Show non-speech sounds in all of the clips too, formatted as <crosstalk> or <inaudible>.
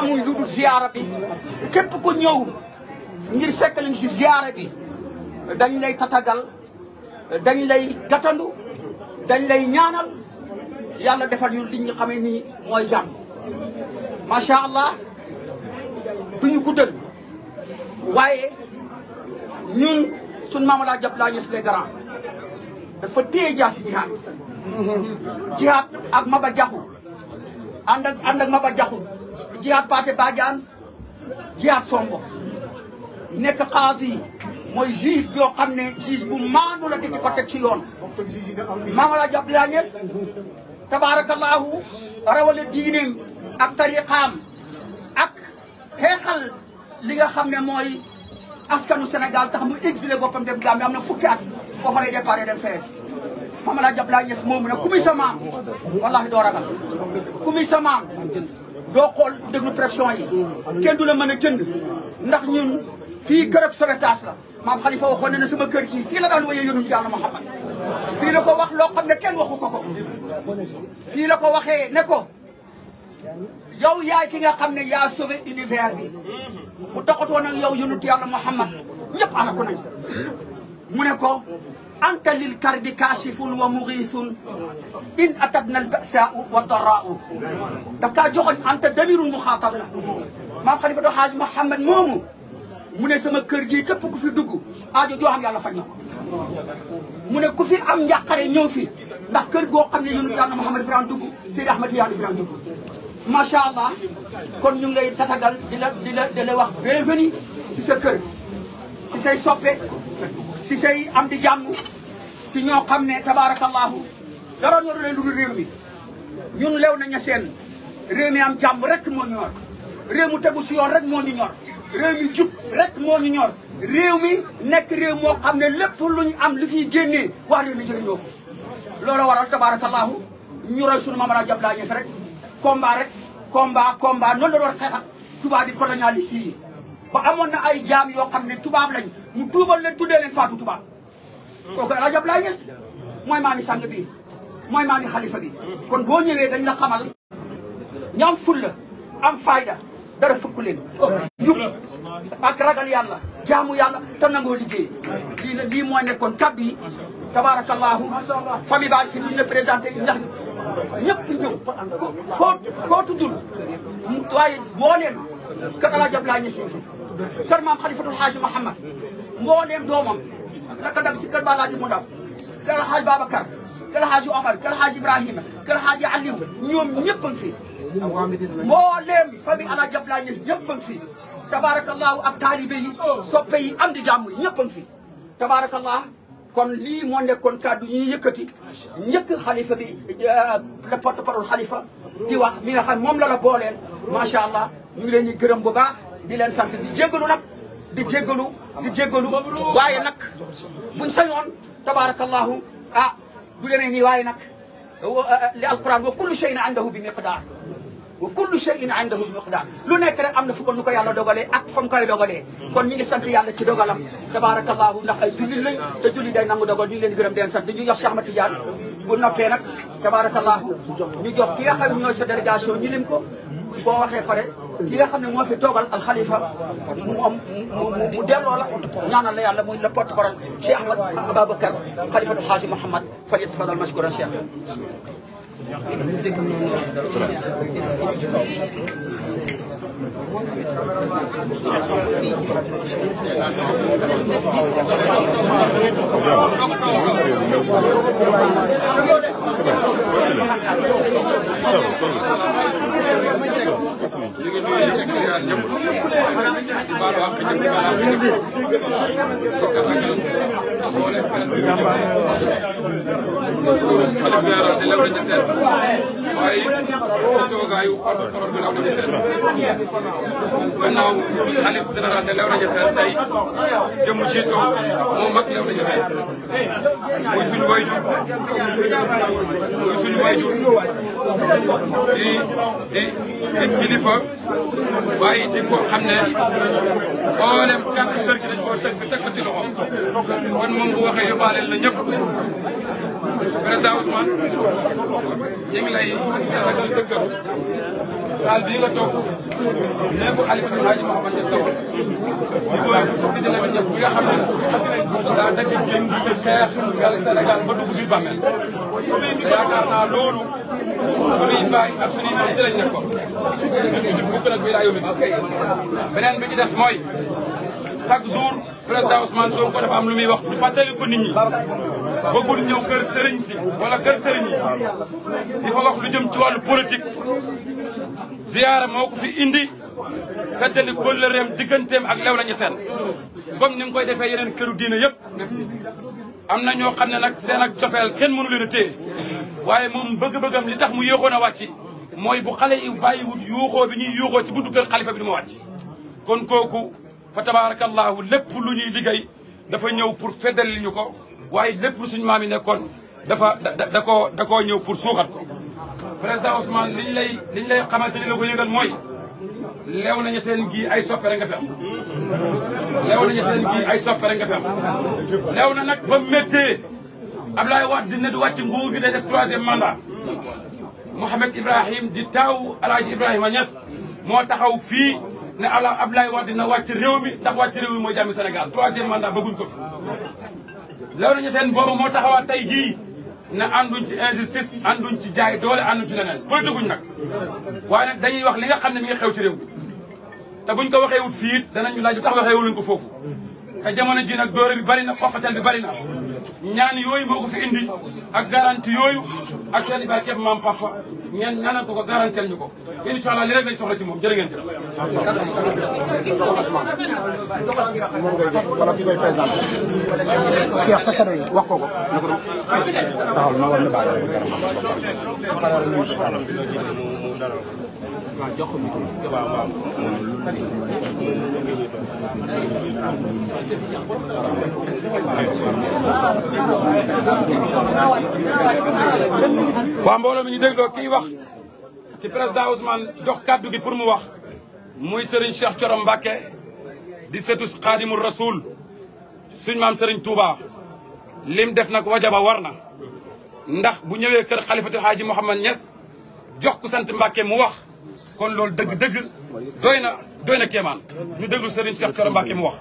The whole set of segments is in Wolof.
amuñ lu dul ziyaara bi képp ku ñëw ngir fekk lañ si ziyaara bi dañ lay tatagal dañ lay gatandu dañ lay ñaanal yàlla defal ñu liñ xamee ni mooy jàmm macha allah duñu waaye ñun suñ maamala jab laa ñes les grands dafa téye jaa si jihaat mm-hmm. jihaat ak maba jaxu ànd ak maba jaxu jihaat Paate Badiane jihaat Sonko nekk xaadi yi mooy juge yoo xam ne juge bu maandu la te ko teg ci yoon maama laa jàpp laa ñes tabaarakallaahu rawale diineem ak tariqaam ak xeexal li nga xam ne mooy askanu Sénégal tax mu exilé boppam dem Gambie am na fukki at foofa lay déparé dem fees maama laa jàpp laa moomu ne ku muy sa doo ragal ku muy doo xool déglu pression yi mm. kenn du la mën a jënd ndax ñu ñun fii kër ak Sowetaas la maam Khalifa waxoon ne ne sama kër gi fii la daan woyee yonent Yàlla Muhammad fii la ko wax loo xam ne kenn waxu ko ko fii la ko waxee ne ko yow yaay ki nga xam ne yaa sauvé univers bi bu taxatoon ak yow yonent Yàlla Muhammad ñëpp ala ko nañ mu ne ko أنت للكرب كاشف ومغيث إن أتدنا البأساء والضراء دكا جوغن أنت دمير مخاطب ما خليفة دو حاج محمد مومو مونة سما كرجي كفو كفو دوغو آجو جو هم يالا فنو مونة كفو أم يقري نيو في نح كرجو قم يونو يالا محمد فران أن سيد أحمد يالا فران دوغو ما شاء أن كون يون لأي تتغل دلوا بيفني سي أن سي سي سوبي si say am di jàmm si ñoo xam ne tabaarakallaahu dara ñoru leen lu réew mi ñun lew na ña seen réew mi am jàmm rek moo ñor réew mu tegu si yoon rek moo ñu ñor réew mi jub rek moo ñu ñor réew mi nekk réew moo xam ne lépp luñ am li fiy génnee wax réew mi jëriñoo ko loolu waral tabaarakallaahu ñu roy sunu maam Alaaji Abdoulaye Niass rek combat rek combat combat noonu la doon xeex tubaab di colonialiste yi ba amoon na ay jaam yoo xam ne tubaab lañ mu tuubal leen tuddee leen Fatou Touba kooku El Hadj Abdoulaye Niass mooy maami sang bi mooy maami xalifa bi kon boo ñëwee dañ la xamal ña am fulla am fayda dara fukk leen yub ak ragal yàlla jaamu yàlla te nangoo liggéey lii la lii mooy nekkoon kàddu yi tabarakallahu famille baa fi ñu la présenté ndax ñëpp ñëw koo koo tuddul waaye boo leen kër El Hadj Abdoulaye Niass fi kër maam xalifatul Haaji Mahamad mbooleem doomam naka dag si kër Balaaji mu ndaw kër Xaaj Babacar kër Xaaj Omar kër Xaaj Ibrahima kër Xaaj Aliou ñoom a ngi fi. mbooleem famille El Hadj Abdoulaye Niass ñëpp a ngi fi. tabaarakallaahu ak taalibe am di jàmm ñëpp a ngi fi tabaarakallah kon lii moo nekkoon kàddu ñuy yëkkati njëkk xalifa bi euh, le porte parole xalifa di wax mi nga moom lala la booleel macha allah ñu ngi leen di gërëm bu baax di leen sant di jégalu nag di jégalu. di jéggalu waaye nag buñ sañoon tabarakallahu ah du demee nii waaye nag eh, eh, li alquran wa kullu shay'in indahu bi miqdar wa kullu lu nekk rek am na fu ko nu ko yàlla dogalee ak fa mu koy dogalee kon ñu ngi sant yàlla ci dogalam tabarakallahu ndax ay jullit lañ te jullit day nangu dogal ñu ngi leen gërëm di leen sant ñu jox Cheikh Ahmed Tidiane bu noppee nag tabarakallahu ñu jox ki nga xam ñooy sa délégation ñu lim ko boo waxee pare ki nga xam ne moo fi toogal al xalifa mu am mu delloo la ñaanal la yàlla muy le porte parole Cheikh Ahmad Ababacar xalifatu xaasi Mouhamad fal yatafadal mashkuran Cheikh ñu ngi nuyu ñëpp di ziar ñëpp di baalu àq ñëpp di baalu àq ñëpp خلفيارة الأولى النساء وأي توقعي وقرب صرب الأولى النساء وأنه خلف سنرة الأولى النساء تاي جمو جيتو مو مك الأولى النساء ويسون وايجو ويسون وايجو دي دي دي كليفة waaye di ko xam ne mboolem kàddu kër gi dañ koo teg teg ko ci loxo kon moom moom bu waxee yóbbaale la ñëpp président Ousmane ñu ngi lay rafetlu sa kër saal bii nga toog nee ko Aliou El Hadj Mouhamed Niass tawal di ko Sidi Lamine Niass bi nga xam ne daa daj génn di xeex yàlla Sénégal ba dugg biir bàmmeel te yaakaar naa loolu suñuy baay ak suñuy maam ci lañ nekkoon fukk nag bi daa yóbbu beneen bi ci des mooy chaque jour. président Ousmane Sonko dafa am lu muy wax ñu fàttali ko nit ñi bëggul ñëw kër sëriñ si wala kër sëriñ yi di fa wax lu jëm ci wàllu politique ziyaara moo ku fi indi feddali kóllëreem digganteem ak lew lañu seen comme ni nga koy defee yeneen këru diine yëpp am na ñoo xam ne nag seen ak cofeel kenn mënu leen a téye waaye moom bëgg-bëggam li tax mu yéexoon a wàcc mooy bu xale yi bàyyiwut yuuxoo bi ñuy yuuxoo ci buntu kër xalifa bi du ma wàcc kon kooku fa tabaarakallaahu lépp lu ñuy liggéey dafa ñëw pour feddali ñu ko waaye lépp lu suñu maam yi nekkoon dafa da koo da koo ñëw pour suuxat ko président Ousmane liñ lay liñ lay xamante ni la ko yëgal mooy leew nañu seen gii ay soppe rek nga fi am leew nañu seen gii ay am leew na nag ba méttee Ablaye Wade dina di wàcc nguur gi day def troisième mandat Mouhamed Ibrahim di taaw Alaaji Ibrahima Niass moo taxaw fii ne ala Abdoulaye Wade dina wàcc réew mi ndax wàcc réew mi mooy jàmmi Sénégal troisième mandat bëgguñ ko fi na ñu seen boobu moo taxawaat tey jii ne ànduñ ci injustice ànduñ ci jaay doole ànduñ ci leneen politikuñ nag waaye dañuy wax li nga xam ne mi ngi xew ci réew mi te buñ ko waxee wut fii danañu laaj lu tax waxee wuluñ ko foofu te jamono jii nag dóore bi bari na xoqatal bi bari na ñaan yooyu moo ko fi indi a garanti yooyu ak seen i baay ceeb maam papa ngeen ñaanal ko ko garantel ñu ko incha allah li rek lañ ci moom jërë ngeen jëf. moom ngay dégg wala ki koy présenté. Cheikh sa kado waaw mi ñu dégloo kiy wax ki président Ousmane jox kàddu gi pour mu wax muy Serigne Cheikh Thioro Mbacké di setu Xaadimul Rasuul suñ maam Serigne Touba lim def nag wajaba war ndax bu ñëwé kër xalifatul haji mohammed ness jox ku sant Mbacké mu wax. kon loolu dëgg-dëgg doy na doy na kéemaan ñu déglu Serigne Cheikh Thioro Mbacké mu wax.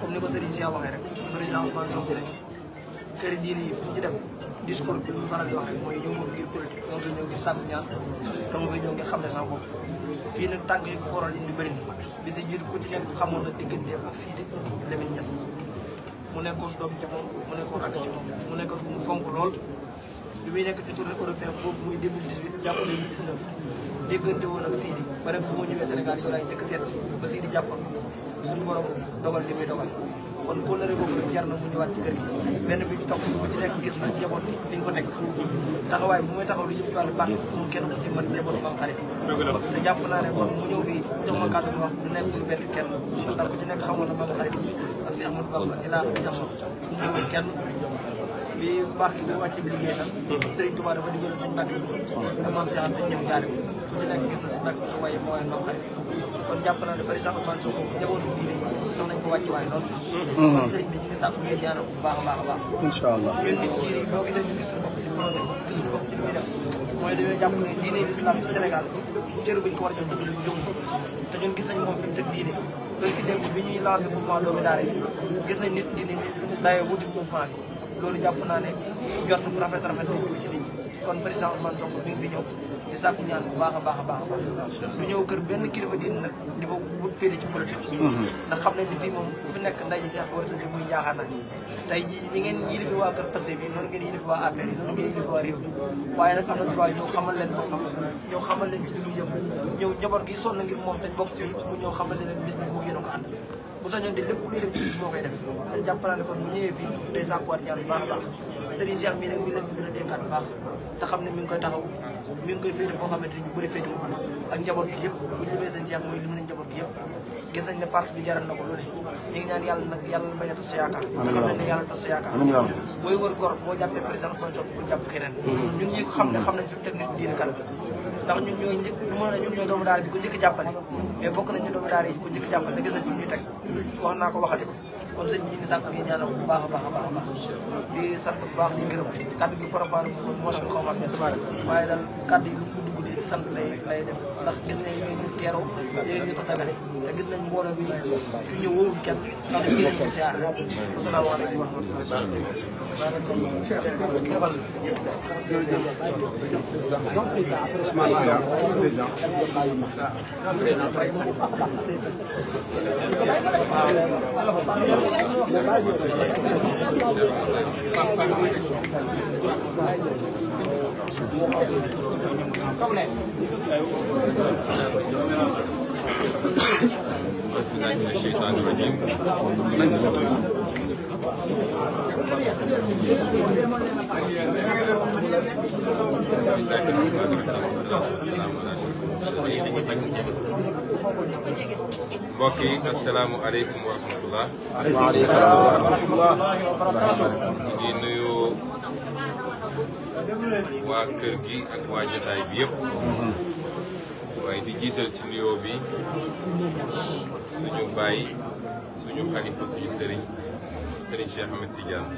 comme ni ko Serigne Sia waxee rek président Ousmane Sonko rek këri diine yi fu ñu dem discours faral di waxee mooy ñëw ngir politique dama koy ñëw ngir sàmm ñaan dama koy ñëw xam ne sa bopp fii nag tànk yi ko fooral indi bëri na bi si jiitu ku ci nekk xamoon na digganteem ak Sidi Lamine Niass mu nekkoon doom ci moom mu nekkoon rakk ci mu nekkoon fonk lool bi muy nekk ci tournée européen boobu muy 2018 jàpp 2019 déggante woon ak Sidi ba rek fu moo ñëwee Sénégal suñu borom dogal li muy dogal kon kóllëre boobu nag na mu ñëwaat ci kër gi benn bi topp bu ci nekk gis na njaboot fi ko teg taxawaay bu muy taxaw lu jëm ci wàllu baax moom kenn ku ci mën njaboot maam xarit te jàpp naa ne kon mu ñëw ma kàddu wax du nekk ci benn kenn ndax ku ci nekk xamoon na maam xarit ak si Amadou Bamba ilaa jaxso mu ñëwoon kenn bi baax ki mu wàcc bi liggéey sax hmm. Serigne Touba dafa digaloon suñu mbàkk bi hmm. ak maam Cheikh Anta ñëw jaare ku ci nekk gis na suñu mbàkk bi mooy mooy ndox xarit kon jàpp naa ne par exemple man soo ko njabootu diine sox nañ ko wàccuwaay loolu hmm. kon Serigne bi ñu ngi sàpp ngeen ñaanal ko bu baax a baax a baax incha allah ñun nit diine yi boo gisee ñu gis suñu bopp ci projet gis suñu bopp ci li muy def mooy dañoo jàpp ne diine l'islam ci Sénégal cër buñ ko war jox ñu jóg te ñun gis nañ moom fi mu tëdd diine loolu ci démb bi ñuy lancé mouvement doomi daara yi gis nañ nit diine dayoo wuti mouvement bi loolu jàpp naa ne njort bu rafet rafet lañ ko ci nit ñi kon président Ousmane Sonko mi fi ñëw di sàkku ñaan bu baax a baax a baax du ñëw kër benn kilifa diine nag di fa wut péri ci politique mhm. ndax xam ne ni fii moom bu fi nekk ndaje seex wala di muy jaaxaan na tey ji ñi ngeen waa kër Pastef bi noonu ngeen yilifi waa APR waa réew waaye nag am na droit ñëw xamal leen boppam ñëw xamal leen ci ñëw njaboot gi sonn ngir moom tañ bokk fii ñëw xamal leen bis bi mu ko ànd bu sañoon de lépp luy def bis moo koy def kon jàpp naa kon bu ñëwee fii day sàkkuwaat ñaan bu baax baax Serigne Cheikh mii nag mi leen a dénkaat bu baax te xam ne mi ngi koy taxaw mi ngi koy féete foo xamante ni ñu bëri féete ak njaboot gi yëpp bu mooy lim nañ njaboot gi yëpp gis nañ ne parti bi jaral na ko lu ne ñu ngi ñaan yàlla nag yàlla bañ a tas sa yaakaar xam nañ ne yàlla tas sa gor boo jàppee président Sonko bu jàpp keneen ñun ñi xam ne xam nañ fi technique diine kan ndax ñun ñooy njëkk ñu mën a ñun ñooy doomu daara bi ku njëkk jàppale mais bokk nañ ci doomu daara yi ku njëkk jàppale te gis nañ fi ñuy teg wax naa ko waxati ko kon sëñ ñu ngi sant ñu baax a baax a baax a di sant bu baax di gërëm kàddu gi préparé moo tax xaw ma waaye daal kàddu yi sant lay lay def ndax gis nañ ñu teeroo yooyu ñu taxawale te gis nañ mbooloo bi ku ñëw wóorul kenn ndax ñu ngi ci siyaar asalaamaaleykum wa rahmatulah. السلام عليكم ورحمه الله وعليكم السلام ورحمه الله وبركاته waa kër gi ak waa jotaay bi yëpp. waaye di jiital ci nuyoo bi suñu bàyyi suñu xalifa suñu sëriñ sëriñ Cheikh Ahmed Tidiane.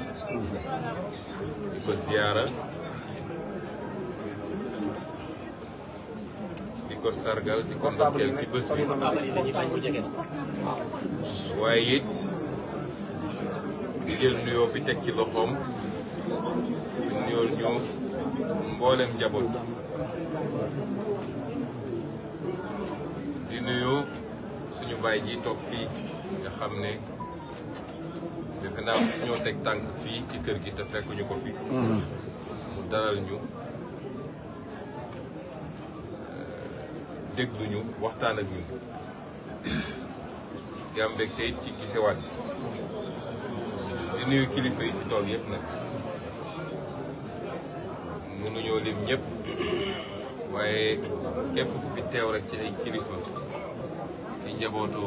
di ko ziyaara di ko sargal di ko ndokkeel ci bés bi waaye it di jël nuyoo bi teg ci loxoom. ñoo ñu mboolem njaboot di nuyu suñu baay ji toog fii nga xam ne defe naa suñoo teg tànk fii ci kër gi te fekkuñu ko fi mu dalal ñu déglu ñu waxtaan ak ñun di am mbégte di nuyu kilifa yi julim ñep waaye képp ku fi teew rek ci ay kilifa ci njabotu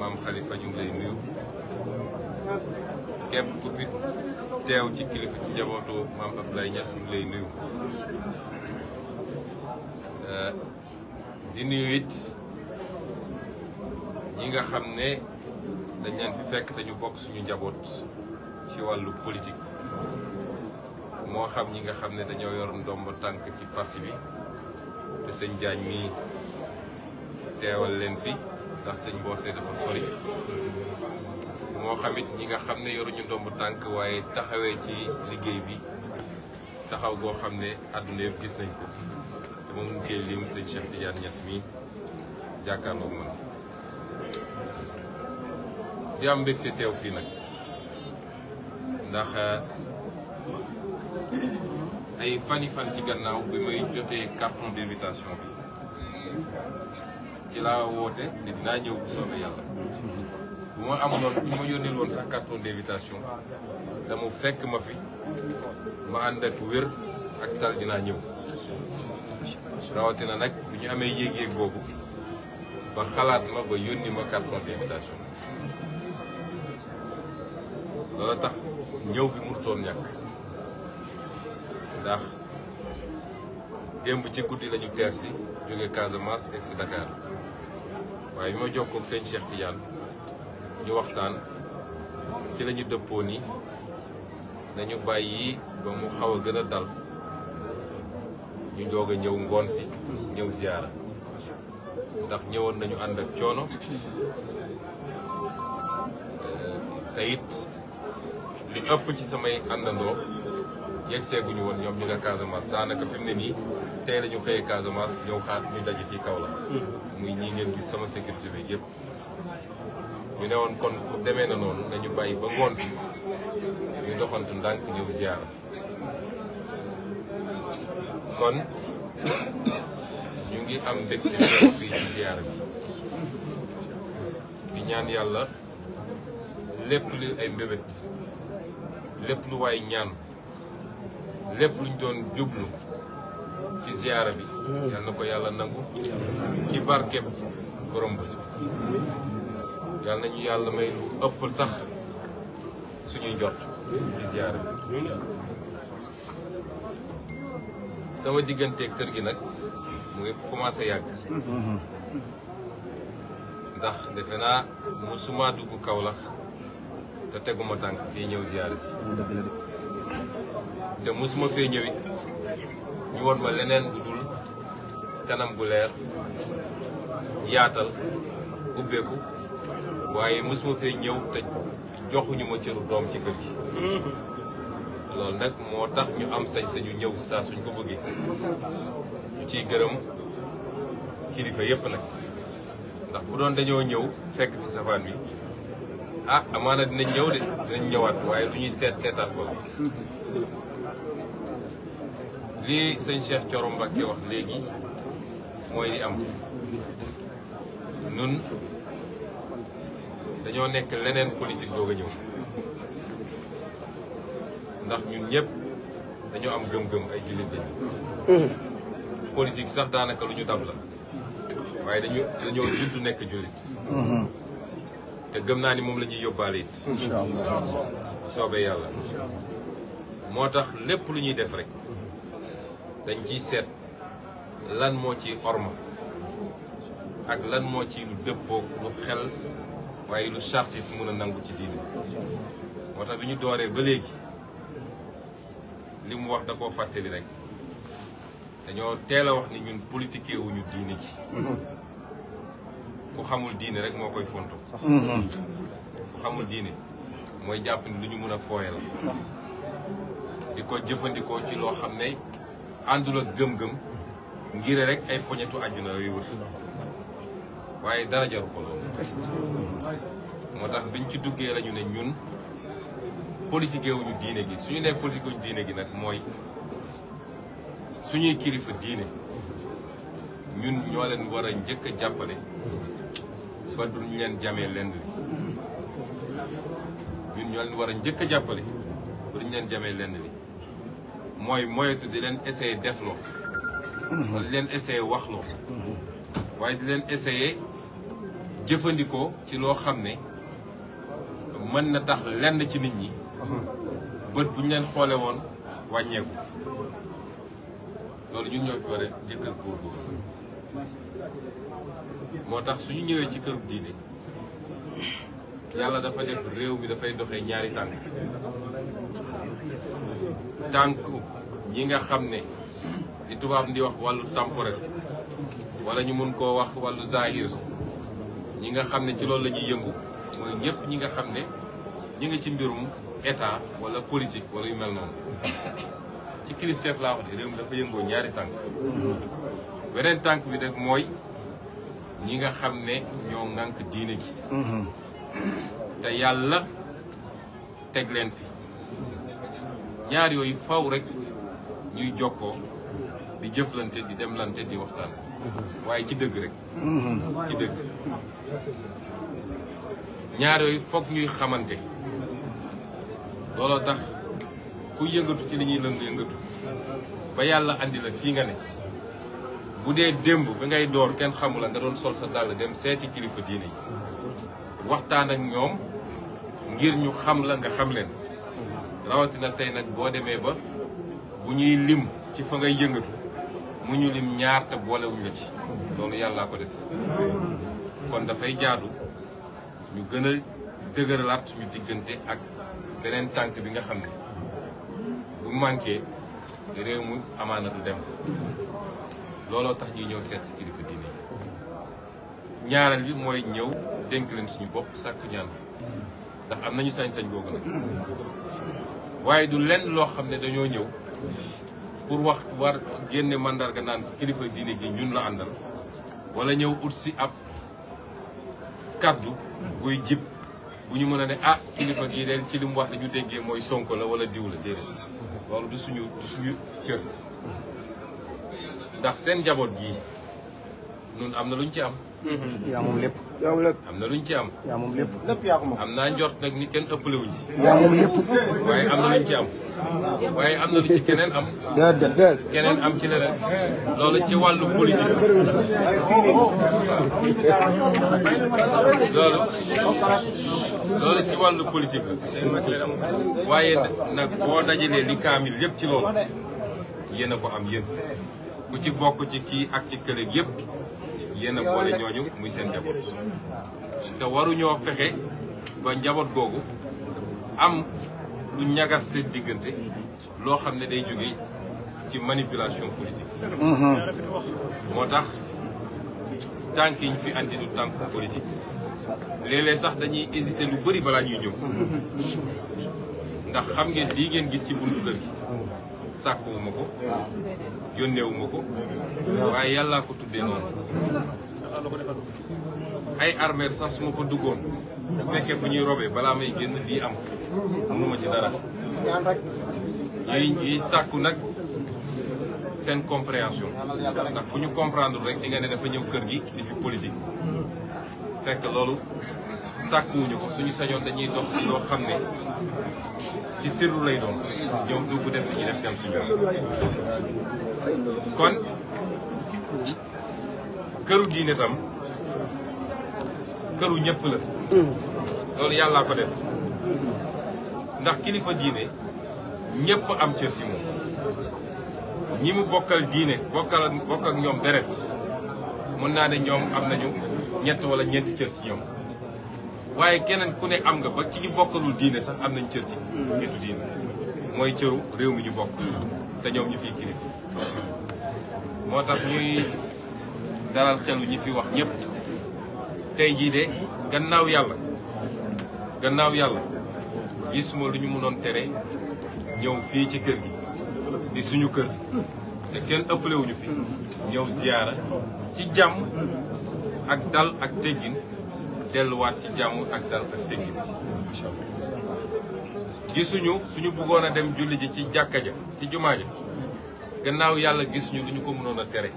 mam Khalifa ñu lay nuyu képp ku fi teew ci kilifa ci njabotu mam Abdoulaye ñass ñu lay nuyu euh, di nuyu it ñi nga xam dañ leen fi fekk te ñu bok suñu njabot ci walu politique moo xam ñi nga xam ne dañoo yor ndomb tànk ci parti bi te sëñ Diagne mii teewal leen fi ndax sëñ Bosse dafa sori moo xamit ñi nga xam ne yoruñu ndomb tànk waaye taxawee ci liggéey bi taxaw boo xam ne àdduna yëpp gis nañ ko te moom ñu koy lim sëñ Cheikh mii jàkkaarloog man di am mbégte teew fii nag ndax ay fani fan ci gannaaw bi may jotee carton d'invitation bi ci laa woote ne dinaa ñëw bu soobee yàlla bu ma amoon bu ma yónnee woon sax carton d'invitation te mu fekk ma fi ma ànd ak wér ak tal dinaa ñëw rawatina nag bu ñu amee yéeg-yéeg boobu ba xalaat ma ba yónni ma carton d'invitation loolu tax ñëw bi mu toon ñàkk ndax démb ci guddi lañu teer si jóge Casamance egg Dakar waaye bi ma jokkoo ak sëñ Cheikh ñu waxtaan ci lañu dëppoo ni nañu bàyyi ba mu xaw a gën a dal ñu doog a ñëw ngoon si ñëw ziyaara ndax ñëwoon nañu ànd ak coono te li ëpp ci samay àndandoo yegg seeguñu woon ñoom ñu nga Casamance daanaka fi mu ne nii tey la ñu xëyee Casamance ñëw xaar ñu daje fii kaw la mm-hmm. muy ñii ngeen gis sama sécurité bi yëpp ñu ne woon kon ku demee na noonu dañu bàyyi ba ngoon si ñu doxantu ndànk ñëw ziar kon <coughs> ñu ngi am mbégte fii ci ziar bi di ñaan yàlla lépp lu ay mbébét lépp lu waay ñaan lépp luñ doon jublu ci ziyaara bi hmm. yal na ko yàlla nangu ci barkeb borom bés bi yal nañu yàlla may lu ëpp sax suñuy njort ci ziyaara bi sama diggante kër gi nag mu ngi commencé yàgg ndax defe naa musuma dugg Kaolack te teguma tànk fii ñëw ziyaara si te mosuma fee ñëwit ñu woon ma leneen bu dul kanam bu leer yaatal ubbeeku waaye mosuma fee ñëw te joxuñu ma cëru doom ci kër loolu nag moo tax ñu am sañ-sañu ñëw saa suñ ko bëggee ñu ciy gërëm kilifa yépp nag ndax bu doon dañoo ñëw fekk fi safaan bi ah amaana dinañ ñëw de dinañ ñëwaat waaye lu ñuy seet seetaat ko la li seigne Cheikh Thioro Mbacké wax legui moy li am nun dañu nek leneen politique doog a ñëw ndax ñun ñëpp dañu am gëm-gëm ay jullit dañu politique sax da naka luñu dab la waaye dañu dañoo judd nekk jullit te gëm na ni mom lañuy yobale it inshallah sobe yalla motax lepp luñuy def rek dañ ciy seet lan moo ci orma ak lan moo ci lu dëppoo lu xel waaye lu charte fi mën a nangu ci diine moo tax bi dooree ba léegi li mu wax da koo fàttali rek dañoo teel a wax ni ñun politique wuñu diine ji ku xamul diine rek moo koy fonto ku xamul diine mooy jàpp ni lu ñu mën a fooye la di ko jëfandikoo ci loo xam ne andul ak gëm-gëm ngir rek ay wae aduna yu wut waye dara jaru ko loolu moo biñ ci duggé lañu ne ñun politique wuñu diiné gi suñu né politique wuñu diiné gi nak moy suñuy kilifa diiné ñun ñoo leen war a njëkk ba leen ñun ñoo leen leen li mooy moyetu di leen essayer def loo wala mhm. di leen essayer wax loo mhm. waaye di leen essayer jëfandikoo ci loo xam ne mën na tax lenn ci nit ñi mhm. bët bu ñu leen xoole woon wàññeeku loolu ñun ñoo war a jëkkër góorgóor moo tax suñu ñëwee ci kër diine yàlla dafa def réew mi dafay doxee ñaari tànk tànku ñi nga xam ne di tubaab di wax wàllu temporel wala ñu mën koo wax wàllu zahir ñi nga xam ne ci loolu lañuy yëngu mooy ñëpp ñi nga xam ne ñi ngi ci mbirum état wala politique wala yu mel noonu ci kilifteef laa wax de réew mi dafa yëngoo ñaari tànk beneen tànk bi nag mooy ñi nga xam ne ñoo ŋànk diine gi mm-hmm. te yàlla teg leen fi ñaar yooyu faw rek ñuy jokkoo di jëflante di demlante di waxtaan waaye ci dëgg rek ci dëgg ñaar yooyu foog ñuy xamante looloo tax ku yëngatu ci li ñuy lëng yëngatu ba yàlla indi la fii nga ne bu dee démb ba ngay door kenn xamu la nga doon sol sa dàll dem seeti kilifa diine yi waxtaan ak ñoom ngir ñu xam la nga xam leen rawatina tey nag boo demee ba bu ñuy lim ci fa ngay yëngatu mu ñu lim ñaar te boolewuñ la ci loolu yàllaa ko def kon dafay jaadu ñu gën a dëgëralaat suñu diggante ak beneen tànk bi nga xam ne bu manqué réew mu amaana du dem looloo tax ñuy ñëw seet si kilifa diine yi ñaareel bi mooy ñëw dénk leen suñu bopp sàkk ñaan ndax am nañu sañ-sañ boobu waaye du lenn loo xam ne dañoo ñëw pour wax war génne mandarga naan kilifa diine gi ñun la àndal wala ñëw ut si ab kàddu buy jib bu ñu mën a ne ah kilifa gii leen ci limu wax ne ñu mooy sonko la wala diw la déedéet loolu du suñu du suñu cër ndax seen njaboot gi nun am na luñ ci am Mm-hmm. yaa moom lépp. yaa lépp. am na luñ ci am. lépp am naa njort nag ni kenn ëppale wuñ ci. waaye am na luñ ci am. waaye am na lu ci keneen am. déedéet am ci leneen. loolu ci wàllu politique la. loolu. loolu ci wàllu politique la. waaye nag boo dajalee li kaamil yépp ci loolu yéen a ko am yéen ku ci bokk ci kii ak ci kële yëpp. yéen a boole ñooñu muy seen njaboot te ñoo fexe ba njaboot googu am lu ñagas seen diggante loo xam ne day jóge ci manipulation politique. Mhm. moo tax tànk yi ñu fi andi du tànk politique léeg-léeg sax dañuy hésité lu bëri balaa ñuy ñëw mhm. ndax xam ngeen lii ngeen gis ci buntu kër gi sàkkuwuma ko. yónneewuma ko waaye yàllaa ko tuddee noonu ay armeel sax su ma fa duggoon bu fekkee fu ñuy robee balaa may génn lii am mënuma ci dara ñuy ñuy sàkku nag seen compréhension ndax bu ñu comprendre rek di nga dafa ñëw kër gi di fi politique fekk loolu sàkkuwuñu ko suñu sañoon dañuy dox ci loo xam ne ci sirru lay doom ñoom dugg def li ñuy def dem suñu kon këru diine tam këru ñëpp la loolu yàllaa ko def ndax kilifa diine ñëpp am cër ci moom ñi mu bokkal diine bokkal ak ñoom deret mën naa ne ñoom am nañu ñett wala ñeenti cër ci ñoom waaye keneen ku ne am nga ba ci ñu bokkalul diine sax am nañ cër ci nitu diine mooy cëru réew mi ñu bokk te ñoom ñu fiy kilif moo tax ñuy dalal xelu ñi fi wax ñëpp tey jii de gannaaw yàlla gannaaw yàlla gis ma lu ñu mënoon tere ñëw fii ci kër gi di suñu kër te kenn ëppalewuñu fi ñëw ziyaara ci jàmm ak dal ak teggin delluwaat ci jàmm ak dal ak teggi gisuñu suñu bëggoon a dem julli ji ci jàkka ja ci jumaa ja gannaaw yàlla gisuñu du ñu ko mënoon a tere.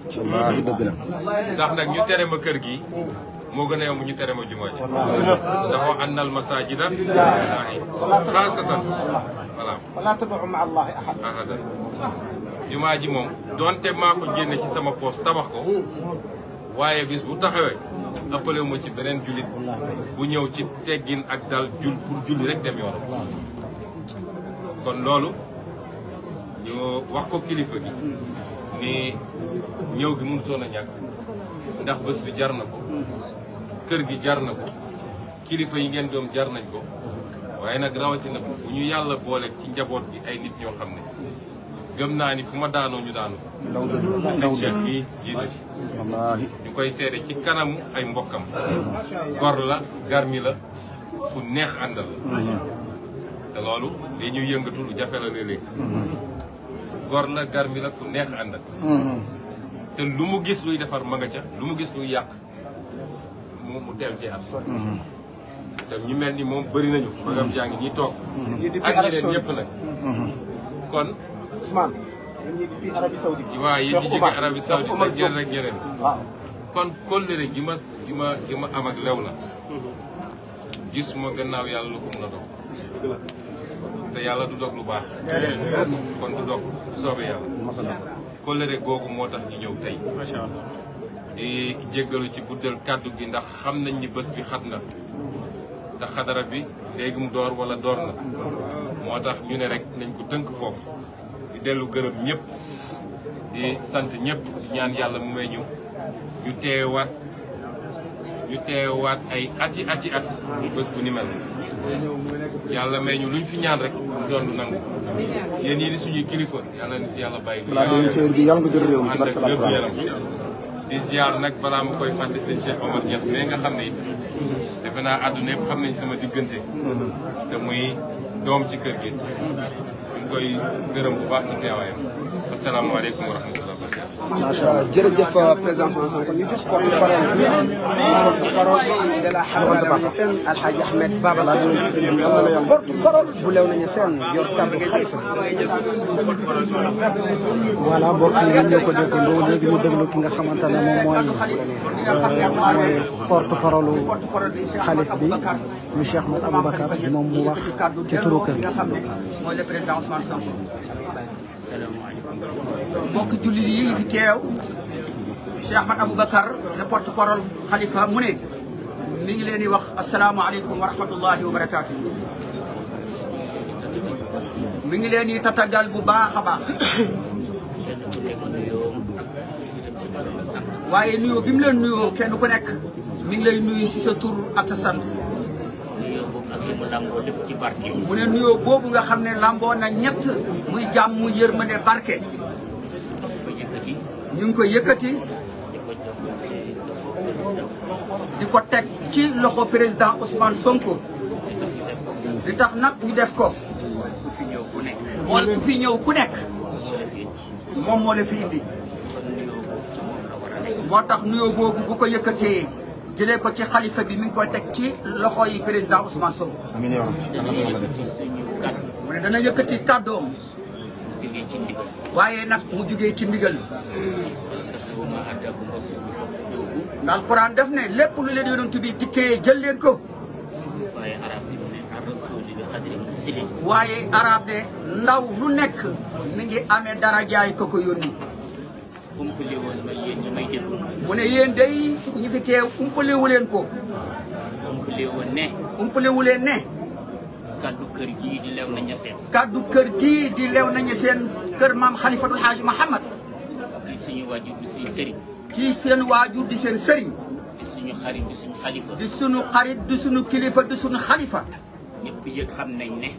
ndax nag ñu tere ma kër gi moo gën a yomb ñu tere ma jumaa ji. dafa annal masaajida lillaahi xaasatan falaa tad'uu ma'a llaahi ahadan jumaa ji moom donte maa ko génne ci sama poos tabax ko. waaye bis bu taxawee appelé ci beneen jullit bu ñëw ci teggin ak dal jul pour julli rek dem yoonam kon loolu ñu wax ko kilifa gi ni ñëw gi mënutoon a ñàkk ndax bés bi jar na ko kër gi jar na ko kilifa yi ngeen doom jar nañ ko waaye nag rawatina bu ñu yàlla booleeg ci njaboot gi ay nit ñoo xam ne gëm naa ni fu ma daanoo ñu daanu ndaw dëgg ndaw dëgg ñu koy seede ci kanamu ay mbokkam gor la garmi la ku neex àndal la mhm. te loolu li ñuy yëngatu lu jafe la léeg-léeg mhm. gor la garmi la ku neex àndal mhm. te lu mu gis luy defar ma lu mu gis luy yàq mu mu teel ci at te ñu mel ni moom bari nañu magam jaa ngi ñi toog ak ñeneen ñëpp nag kon Ousmane. ñun ñu depuis Arabie Saoudite. waaw yéen ñu jógee Arabie Saoudite ak ñenn ak ñeneen. kon kóllëre gi ma gi ma gi ma am ak lew la. gisuma gannaaw yàlla lu ko mën a dog te yàlla du dog lu baax. kon du dog bu soobee yàlla. kóllëre googu moo tax ñu ñëw tey. di jéggalu ci guddal kàddu gi ndax xam nañ ni bés bi xat na. te xadara bi léegi mu door wala door na. moo tax ñu ne rek nañ ko tënk foofu. di dellu gërëm ñëpp di sant ñëpp di ñaan yalla mu may ñu ñu téewat ñu téewat ay ati ati at bés bu ni mel yalla may ñu luñ fi ñaan rek mu doon lu nang yeen yi di suñu kilifa yalla ni fi yàlla bàyyi di ziar nak bala ma koy fatte seen Cheikh Omar dias me nga xamne defena aduna defe xamne sama digeunte mm-hmm. te muy doom ci kër gi ñu koy gërëm bu baax ci teewaayam asalaamaaleykum wa rahmatulah. jërëjëf président Ousmane Sonko ñu jox porte-parole bi porte-parole de la Xarala Léona Niassène Alhaji Ahmed Baba la porte-parole bu Léona Niassène yor kàddu xalifa voilà mbokk yi ñoo ko déggandoo léegi ñu déglu ki nga xamante ne moom mooy mooy porte-parole xalif bi ñu Cheikh Ahmed Aboubacar moom mu wax ci turu kër gi. mbokk jullit yi fi teew Cheikh Ahmad Aboubacar le porte parole xalifa mu ne mi ngi leen di wax asalaamaaleykum wa rahmatullahi wa barakaatu. mi ngi leen di tatagal bu baax a baax. waaye nuyoo bi mu leen nuyoo kenn ku nekk mi ngi lay nuyu si sa tur ak sa sant. ak li mu lépp ci barke. ne nuyoo boobu nga xam ne lamboo na ñett muy jàmm mu yërmande barke. ñu ngi ko yëkkati. di ko teg ci loxo président Ousmane Sonko. li tax nag ñu def ko. ku fi ku nekk. fi ñëw ku nekk. moom moo la fi indi. moo tax nuyo boobu bu ko yëkkatee. jëlee ko ci xalifa bi mi ngi koy teg ci loxo yi président Ousmane Sow. amiin yow mu ne dana yëkkati kàddoom. waaye nag mu jugee ci ndigal. ndax alxuraan def ne lépp lu leen yonent bi dikkee jël leen ko. waaye arab de ndaw lu nekk mu ngi amee darajaay ko ko yónni. mu ne yéen ñi fi teew umpale wu leen ko. umpale wu ne. umpale wu leen ne. kaddu kër gii di lew nañu seen. kaddu kër gii di lew nañu seen kër maam Xalifatul Xaaji Muhammad. kii suñu waajur di suñu sëriñ. kii seen waajur di seen sëriñ. di suñu xarit di suñu xalifa. di suñu xarit di suñu kilifa di suñu xalifa. ñëpp yëg nañ ne.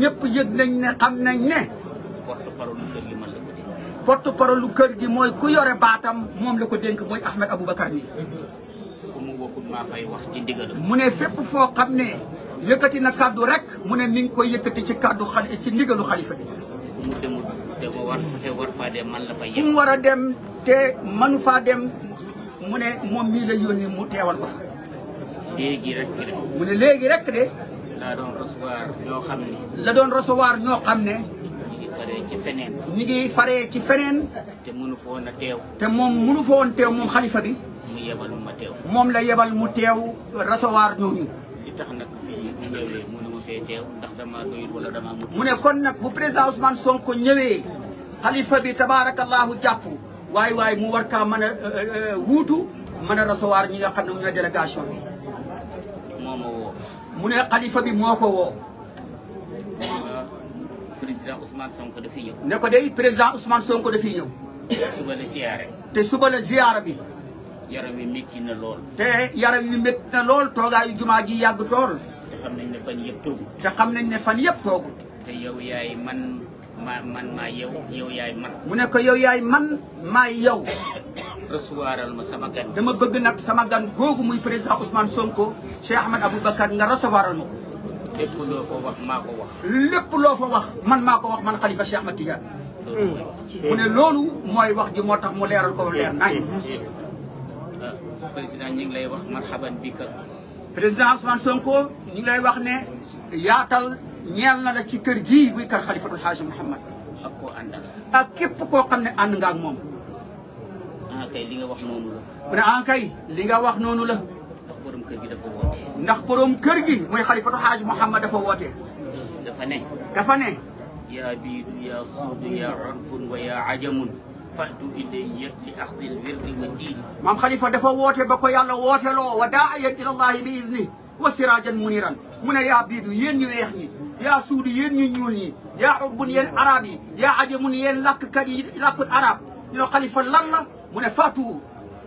ñëpp yëg nañ ne xam nañ ne. porte parole lu kër gi mooy ku yore baatam moom la ko dénk mooy Ahmed Aboubacar nii. ku mu waxul maa fay wax ci ndigal. mu ne fépp foo xam ne yëkkati na kàddu rek mu ne mi ngi koy yëkkati ci kàddu xali ci ndigalu xalifa bi. ku mu demul te war te war faa man la fay mu war a dem te manu faa dem mu ne moom mii la yónni mu teewal ko fa. léegi rek de. mu ne léegi rek de. la doon recevoir ñoo xam ne. la doon recevoir ñoo xam ne. ci ñi ngi ci feneen. te mu la yebal mu teew recevoir ñooñu. ñu ñëwee mu ne kon nag bu président Ousmane Sonko ñëwee xalifa bi tabaarakallahu jàpp waay waay mu war kaa mën a wuutu mën ñi nga xam ne délégation bi. mu ne xalifa bi moo ko président Ousmane Sonko dafiy ñëw. ne ko day président Ousmane Sonko dafiy ñëw. suba la ziyaara. te suba la ziyaara bi. yaram wi métti na lool. te yaram wi métti na lool toogaayu jumaa ji yàgg tool. te xam nañ ne fan yëpp toogul. te xam nañ ne fan yëpp toogul. te yow yaay man maa man maa yow yow yaay man. mu ne ko yow yaay man maa yow. recevoiral ma sama gan. dama bëgg nag sama gan googu muy président Ousmane Sonko Cheikh Ahmed Aboubacar nga recevoiral ma ko. lépp loo fa wax maa ko wax. lépp loo fa wax man maa ko wax man xalifa Cheikh Ahmed Tidiane. mu ne loolu mooy wax ji moo tax mu leeral ko leer nañ. président ñu ngi lay wax marhaban bika. président Ousmane ko ñu lay wax ne yaatal ñeel na la ci kër gii muy kër xalifatul Haaji Muhammad ak koo àndal ak képp koo xam ne ànd nga ak moom. ah li nga wax noonu la. mu ne ah kay li nga wax noonu la. ndax borom ndax borom keur gi moy khalifatu haj muhammad dafa wote dafa ne. dafa ne. ya bidu ya sud ya urbun wa ya ajamun fatu ilayya li al wird wa din mam khalifa dafa wote ba ko yàlla lo wa ila allah bi idni wa sirajan muniran mu ya bidu yen ñu weex ñi yaa suudu yéen ñu ñuul ñi yaa urbun yéen arab yi yaa ajamun yéen làkkat yi làkkut arab ñu ne xalifa lan la mu fatu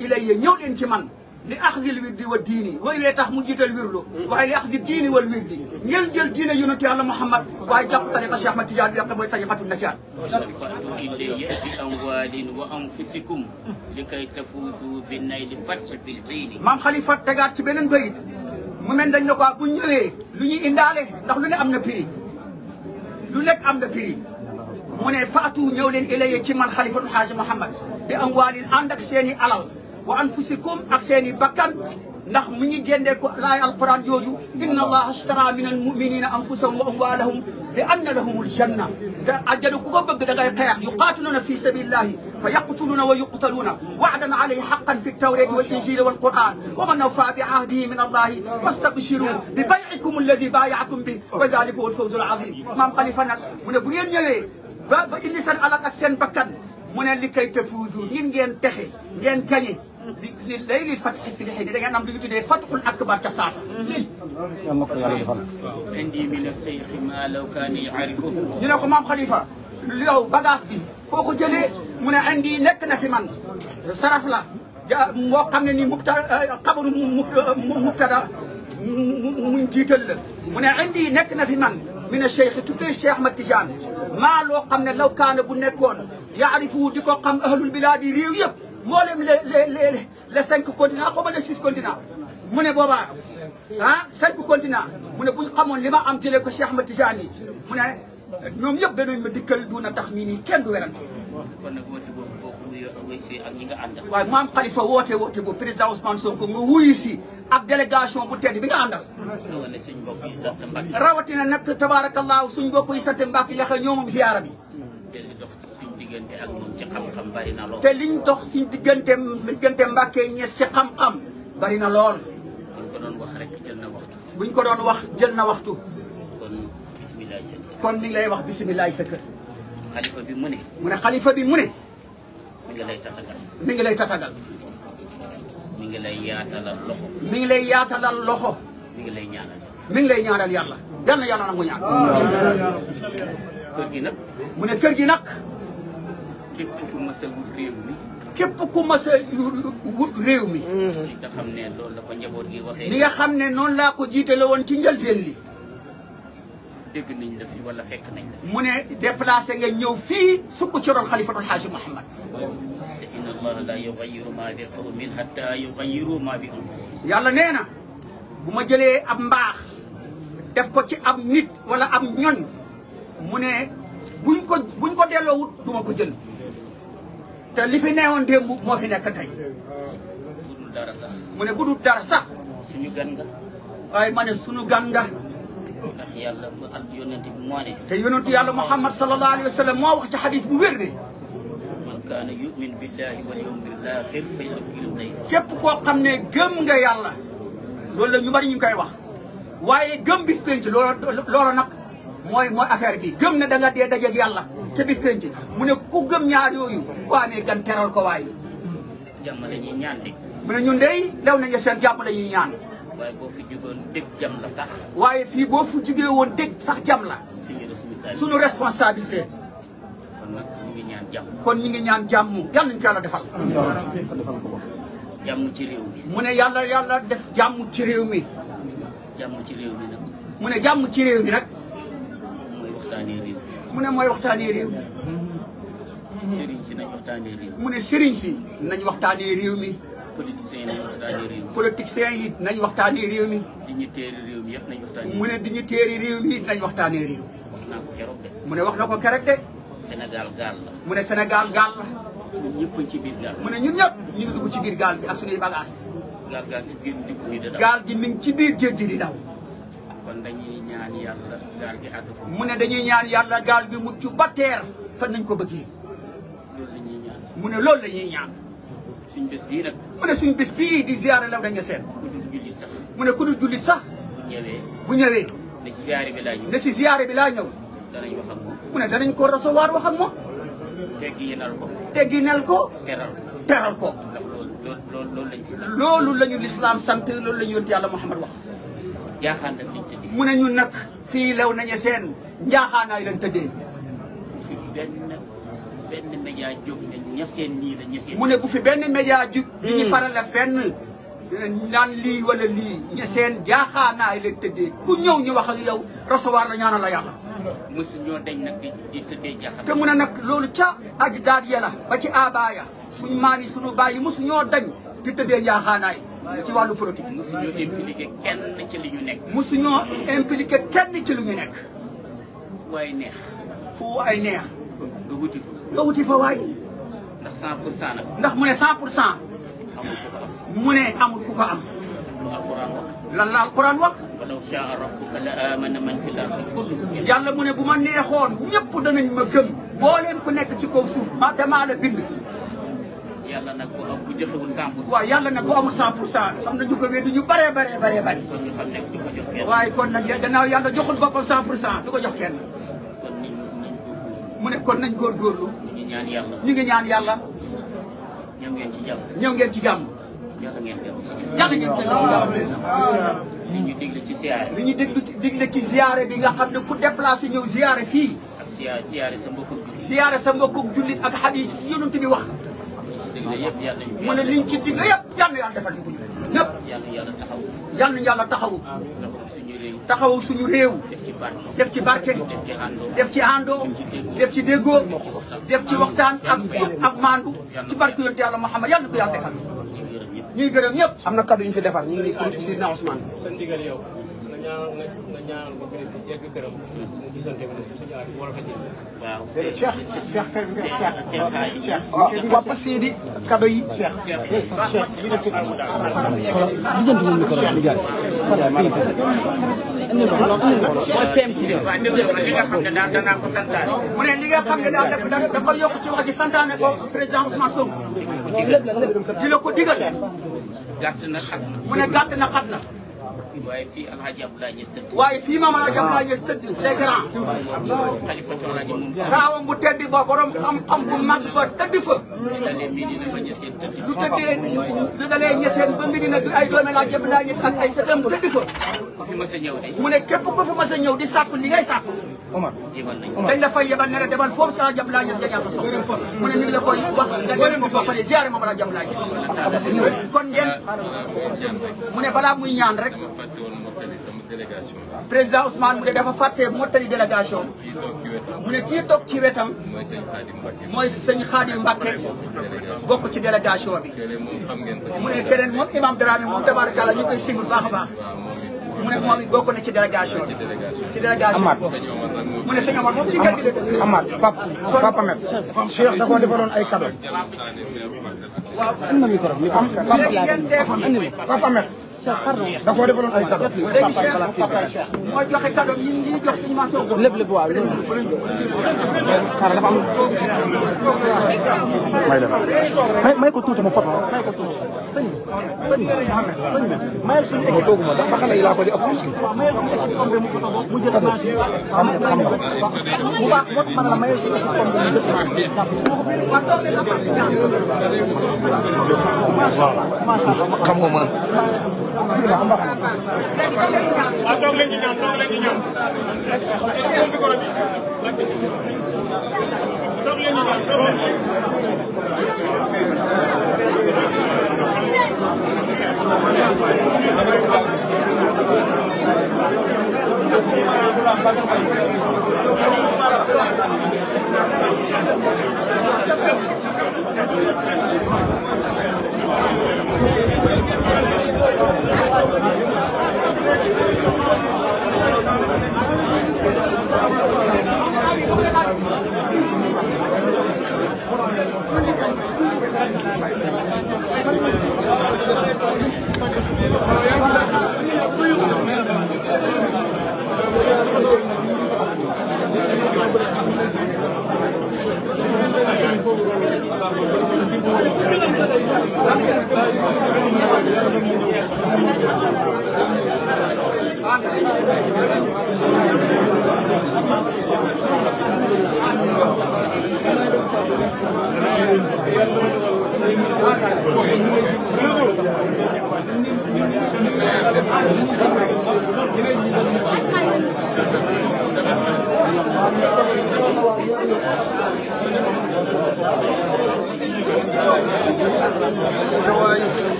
ilayya ñëw leen ci man لأخذ الورد والدين وإلى تحمل جيت الورد وإلى أخذ الدين والورد نيل جل دين يونتي الله محمد وإجاب طريقة شيخ ما تجعل بيقى بيقى بيقى بيقى النشاء فأفقل ليأس أموال وأنفسكم لكي تفوزوا بالنيل فتح في الدين مام خليفة تقعد كبيرن بيت ممن دن نقع بنيوه لني إندالي نقل لني أمن بيري لنك أمن بيري من فاتو نيولين إليه كمان خليفة الحاج محمد بأموال عندك سيني ألو وانفسكم اكسيني بكان ناخ مني جندكو لاي القران جوجو ان الله اشترى من المؤمنين انفسهم واموالهم بان لهم الجنه دا اجدو كوكو بغ دا يقاتلون في سبيل الله فيقتلون ويقتلون وعدا عليه حقا في التوراه والانجيل والقران ومن اوفى بعهده من الله فاستبشروا ببيعكم الذي بايعتم به وذلك هو الفوز العظيم مام خليفنا من بوين نيوي با با اللي سن على اكسن بكان من اللي كي تفوزوا نين نين تخي نين كاني li lay li fatxi filixi di da ngeen am li ñu tuddee fatxul akbar ca saasa ci indi min a seyxi ma law kaani yaarifu ñu ne ko maam Khalifa yow bagage bi foo ko jëlee mu ne indi nekk na fi man saraf la ja moo xam ne ni mubta xabaru mubtada muñ jiital la mu ne indi nekk na fi man min a seyxi tuddee Cheikh Ahmad Tidiane maa loo xam ne law kaana bu nekkoon yaarifu di ko xam ahlul bilaadi réew yëpp mboolem les les les les cinq continents xaw ma les six continents mu ne boobaa ah cinq continents mu ne bu ñu xamoon li ma am jëlee ko Cheikh Ahmed Tidiane yi mu ne ñoom ñëpp danañ ma dikkal duna tax mii nii kenn du werante. kon nag woote boobu si ak ñi nga àndal. waaw maam Khalifa woote woote boobu président Ousmane Sonko nga wuyu si ak délégation bu tedd bi nga àndal. rawatina nag tabaarakallaahu suñu mbokk yi sant Mbàkke yaxa ñoom moom ziyaara bi. diggante ak moom na lool. te liñ dox si diggante diggante Mbàkke Ñas si xam-xam bari na lool. buñ ko doon wax rek jël na waxtu. buñ ko doon wax jël na waxtu. kon bisimilah sa kon mi ngi lay wax bisimilah sa kër. xalifa bi mu ne. mu ne xalifa bi mu ne. mi ngi lay tatagal. mi ngi lay tatagal. mi ngi lay yaatalal loxo. mi ngi lay loxo. mi ngi lay ñaanal. mi ngi lay ñaanal yàlla. yal na yàlla ñaan. kër gi nag. mu ne kër gi nag. képp ku mas a wut réew mi. képp ku mas wut réew mi. li nga xam ne loolu la ko njaboot gi waxee. li nga xam ne noonu laa ko jiitale woon ci njëlbeen li. dégg nañ la fi wala fekk mu ne déplacé nga ñëw fii sukk ci ron xalifatul xaaji Muhammad. te inna allaha la yugayiru ma yàlla nee na bu ma jëlee ab mbaax def ko ci ab nit wala am ñoñ mu ne buñ ko buñ ko delloowut du ma ko jël. te li fi neewoon démb mo fi nek tay mune budu dara sax. suñu gan nga. waaye ma suñu gan nga. ndax yàlla bu ad yonenti bi moo ne. te yonenti yalla Muhammad sallallahu alaihi wasallam mo wax ci hadith bu werne man kana yumin billahi wal yawmil akhir fa yukrim nay kep ko xamne gem nga yalla lolou la ñu bari ñu koy wax. waye gem bis penc lolou lolou nak moy moy affaire bi gem ne da nga dé dajé ak yalla ca bis penc mu ne ku gëm ñaar yooyu waa ne gan ko waay. jàmm la ñuy ñaan de. mu ne ñun dey lew nañu seen jàmm la ñuy ñaan. waaye boo fi jugoon la sax. waaye fii boo fi jugee woon dégg sax jàmm la. suñu responsabilité. kon nag ngi ñaan jàmm. kon ñu ngi ñaan jàmm yàlla nañu ko yàlla defal. jàmm ci réew mi. mu ne yàlla yàlla def jàmm ci réew mi. ci réew mi mu ne jàmm ci réew mi nag. mooy mu mooy waxtaanee réew mi. sëriñ si nañ waxtaanee réew mi. mu ne sëriñ si nañ waxtaanee réew mi. politiciens yi nañ waxtaanee réew mi. nañ waxtaanee réew mi. dignitaires yi réew mi mu ne dignitaires yi réew mi nañ wax na ko keroog de. mu wax na ko keroog de. Sénégal gaal la. mu ne Sénégal gaal la. ñun ñëpp ci biir mu ne ñu ngi dugg ci biir gaal bi ak suñuy bagages. gaal gaal ci biir njëkk mi da daw. gi mi ci biir géej gi di ñaan yàlla gaal gi àgg fa. mu ne dañuy ñaan yàlla gaal gi mucc ba teer fan nañ ko bëggee. loolu mu ne loolu la ñuy ñaan. suñ bés bii nag. suñ bés di ziare law dañu seet. ku dul jullit sax. mu bu ñëwee. bu ñëwee. ne ci ziare bi laa ñëw. ne ci ziare bi laa danañ ne danañ ko recevoir wax ak moom. tegginal ko. tegginal ko. teral ko teral ko. loolu loolu lañ fi sant. loolu la ñu lislaam sant loolu la ñu yonent Muhammad wax. jaaxaan nag liñ mu ne ñun nag fii lew nañu seen njaaxaanaay lañ tëddee. benn média jóg ne ña seen nii la ña seen. mu ne bu fi benn média jóg. di ñu hmm. farale fenn. naan lii wala lii ña seen jaaxaanaay la tëddee ku ñëw ñu wax ak yow recevoir la ñaanal la yàlla. mosu ñoo dañ nag di di tëddee jaaxal. te mu nag loolu ca aj daat ya la ba ci abaaya suñu maam yi suñu baay yi mosu ñoo dañ di tëddee jaaxaanaay. ci wàllu politique. mosuñoo impliqué kenn ci li ñu nekk. mosuñoo impliqué kenn ci li ñu nekk. fu ay neex. fu ay neex. nga wuti fa. nga wuti fa waay. ndax 100 pour cent nag. ndax mu ne 100 a cent. amul ko am. mu ne amul ku ko am. lu alquran wax. lan la alquran wax. walaw fi l-ardi kulluhum. yàlla mu ne bu ma neexoon ñëpp danañ ma gëm. boo ku nekk ci ko suuf ma damaa la bind. yàlla nag bu am bu joxewul 100 pour cent. waaw na ñu ko wéddi ñu bëree bëree kon ñu xam ne du ko waaye kon nag gannaaw yàlla joxul boppam 100 pour cent du ko jox kenn. mu ne kon nañ góorgóorlu. ñu ñaan yàlla ñu ngi ñaan yàlla. ñëw ngeen ci jàmm. ñëw ngeen ci jàmm. jàll ngeen dem ci jàmm. jàll ngeen dem ci ñu digle ci ziare. li ñu digle digle ci ziare bi nga xam ne ku déplacé ñëw ziare fii. ak ziare sa mbokkum jullit. sa mbokkum jullit ak xadiis yi yonent bi wax mu ne liñ ci digle yëpp yal na yàlla defal ñu ko ñun ñëpp. yal na yàlla taxawu. taxawu suñu réew. def ci barke def ci àndoo def ci déggoo def ci waxtaan ak jub ak maandu ci barke yonte yàlla Muhammad yal na ko yàlla defal ñuy gërëm ñëpp. am na kàddu yu ñu fi defar ñu ngi nii pour Sidina Ousmane. ñaanal nga ñaanal ko gën a yegg këram. mu gisante mu suñu aay wala fa ci. waaw Cheikh Cheikh kër Cheikh Cheikh Cheikh waaw parce que di kado yi. Cheikh Cheikh ñu dem këram. xoolal lijjanti moom micro bi jaar. xoolal fii. mooy PM ci waaw li nga xam ne daal danaa ko santaane. mu ne li nga xam ne daal da ko yokk ci wax ji santaane ko président Ousmane Sonko. di la ko digal. gàtt na xat na. mu ne gàtt na xat na. waaye fii Alhaji Abdoulaye Niass tëdd. waaye fii maam Alhaji Abdoulaye Niass tëdd. les grands. xalifa Coolaaji moom. a mu ne képp ku fi mës a di sàkku li ngay sàkku. Omar yebal nañu dañ la fay yebal ne la demal foofu si Alhaji Abdoulaye Niass jañaa mu ne mi ngi la wax nga dem foofu ba pare ziare moom Alhaji Abdoulaye Niass kon mu ne balaa muy ñaan rek président Ousmane mu ne dafa fàtte mottali délégation mu ne kii toog ci wetam mooy sëñ Xaadim Mbàkke bokk ci délégation bi mu ne keneen moom imam Dramé moom tabaarkalla ñu koy singul baax a baax mu ne moom it bokk na ci délégation bi ci délégation bi mu ne sëñ Amar moom ci kër gi la dëkk Amar Fap papa Amet Cheikh da koo defaroon ay cadeau papa am na micro am ngeen def Fap Amet da koo defaloon ay cadeau. léegi Cheikh mooy joxe cadeau yi ñuy jox suñu maasoo ko. lépp lépp waaw lépp xaaral dafa am. may dem may may ko tuuti mu foto may ko tuuti. sëñ bi sëñ bi sëñ bi mayal suñu équipe. toogu ma ndax xale yi laa ko di ak kursi. waaw mayal suñu équipe comme mu ko toog mu jël bâche yi. xam nga xam nga bu baax moo tax man la mayal suñu équipe comme mu jël macha allah xam nga man. bisimilah am na xam. ah toog leen ci ñoom toog leen ci ñoom. toog leen ci ñoom. Thank you.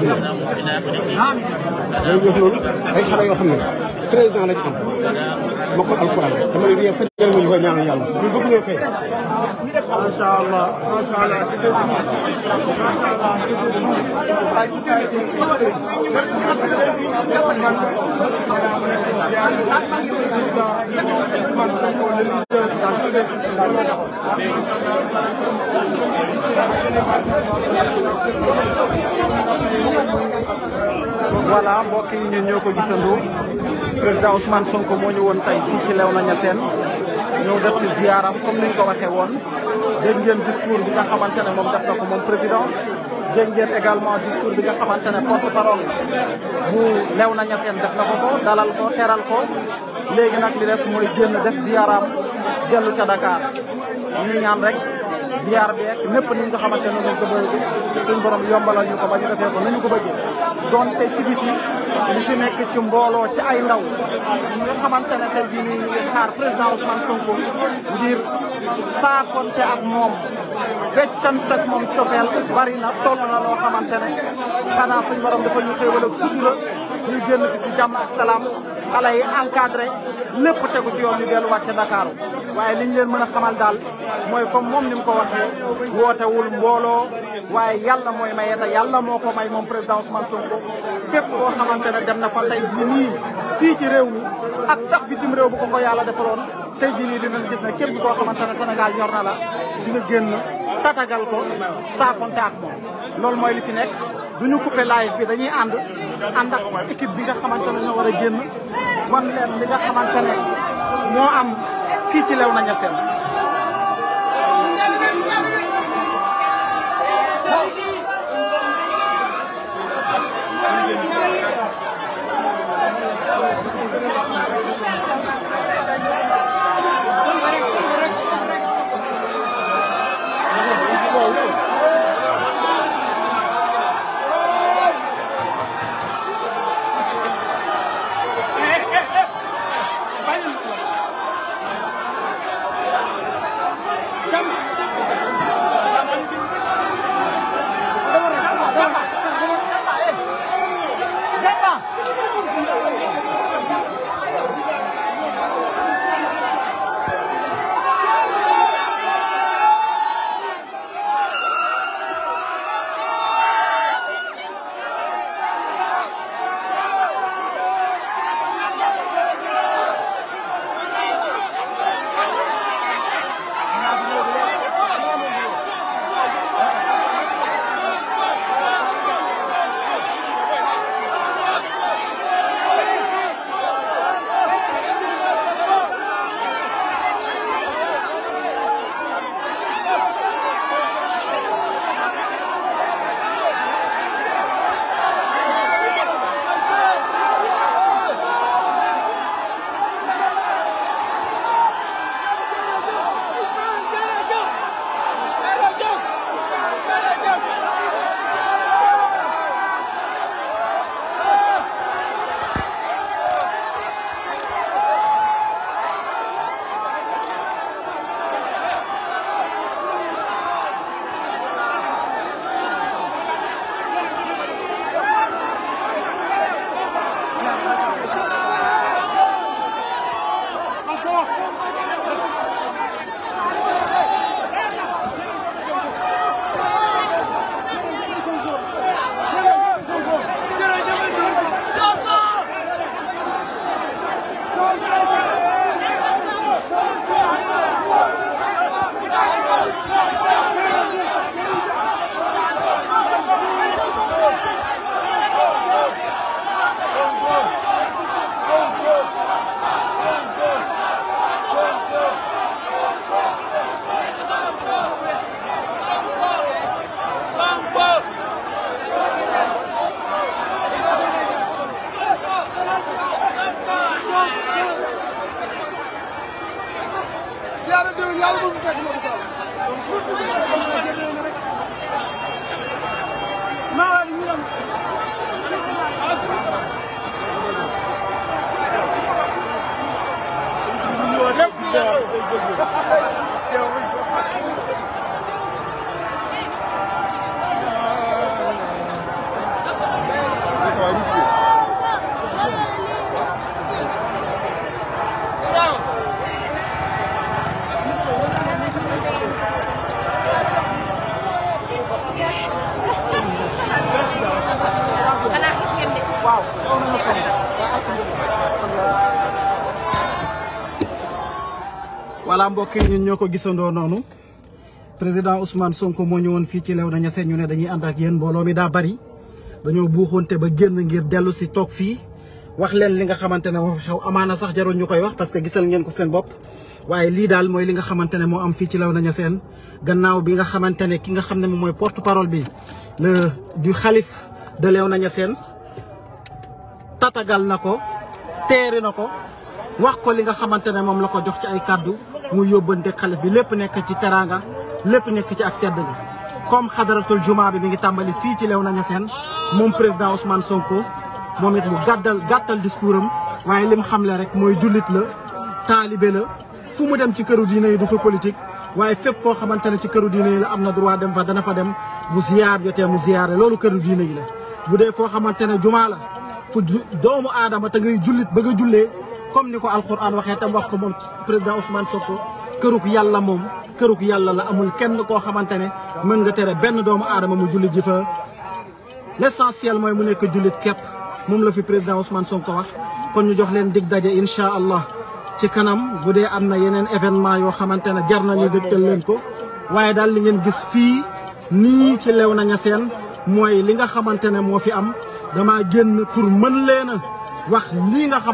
ay xale yoo xam ne 13 ans lañ am mokkal alquran dama ne yow tëjal ma ñu koy ñaanal yàlla ñun bëgg ñoo fay. macha allah macha allah c' est tout macha allah c' est tout. waaye bu tëjee ci biir kër yi man man man man man man voilà mbokk yi ñun ñëw ko gisandoo président Ousmane Sonko moo ñu woon tey fii ci Léona Niassène ñëw def si ziaram comme ni ñu ko waxee woon dégg ngeen discours bi nga xamante ne moom def na ko moom président dégg ngeen également discours bi nga xamante ne porte parole bu Léona Niassène def na ko ko dalal ko teral ko léegi nag bi des mooy génn def ziaram dellu ca Dakar ñuy ñaan rek ziar bi ak ñëpp ni ñu ko xamante ne noonu lañ ko bëgg suñu ñu ko ba ñu defee ko nañu ko bëggee donte ci biti li fi nekk ci mbooloo ci ay ndaw ñi nga xamante ne tey bii nii ñu ngi xaar président Ousmane Sonko ngir saakonte ak moom na toll na loo xamante ne xanaa suñu borom dafa ñu xéewal ak sutura ñu génn ci si jàmm xale yi encadré lépp tegu ci yoon ñu delluwaat ca Dakar waaye li ñu leen mën a xamal daal mooy comme moom ni mu ko waxee wootewul mbooloo waaye yàlla mooy maye te yàlla moo ko may moom président Ousmane Sonko képp koo xamante dem na fa tey jii fii ci réew mi ak sax bitim réew bu ko ko yàlla defaloon tey jii nii dinañ gis ne képp koo xamante ne Sénégal ñor na la dina génn tatagal ko saafonte ak moom loolu mooy li fi nekk duñu coupé live bi dañuy ànd ànd ak équipe bi nga xamante ne ñoo war a génn wan leen li nga xamante ne moo am fii ci Léona Niassène mbokki ñun ñoko gissando nonu président Ousmane Sonko mo ñu won fi ci dañu sét ñu né dañuy ànd ak yéen mi da bari dañu buxonté ba genn ngir delu ci tok fi wax leen li nga xamantene ne xew amana sax jarul ñukoy wax parce que gissal ngeen ko seen bop waye li dal moy li nga xamantene ne am fi ci dañu sét gannaaw bi nga xamantene ki nga xamne mo moy porte parole bi le du khalif de Léona sét tatagal nako, téré nako. wax ko li nga xamante ne moom la ko jox ci ay kàddu mu yóbbante xalif bi lépp nekk ci teraanga lépp nekk ci ak tedd gi comme xadaratul jumaa bi mi ngi tàmbali fii ci na Niassène moom président Ousmane Sonko moom it mu gàddal gàttal discours am waaye lim xamle rek mooy jullit la taalibe la fu mu dem ci këru diine yi du fa politique waaye fépp foo xamante ne ci këru diine yi la am na droit dem fa dana fa dem mu ziyaar jotee mu ziyaare loolu këru diine la bu dee foo xamante ne jumaa la doomu aadama te ngay jullit bëgg a comme ni ko alxuraan waxee tam wax ko moom président Ousmane Sonko këruk yàlla moom këruk yàlla la amul kenn koo xamante ne mën nga tere benn doomu aadama mu jullit ji fa l'essentiel mooy mu nekk jullit képp moom la fi président Ousmane Sonko wax kon ñu jox leen dig daje incha allah ci kanam bu dee am na yeneen événement yoo xamante ne jar nañu dégtal leen ko waaye daal li ngeen gis fii nii ci Léona Niassène mooy li nga xamante ne moo fi am dama génn pour mën leen a wax ne nga pas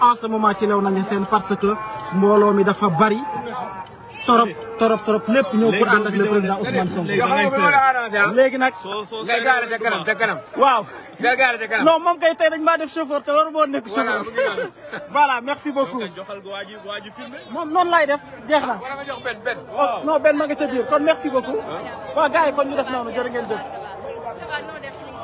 en ce moment parce que bari torop torop torop le président Ousmane Sonko. non kay dañ chauffeur te waru chauffeur. <laughs> voilà merci beaucoup. non, def jeex oh, non ma nga merci beaucoup.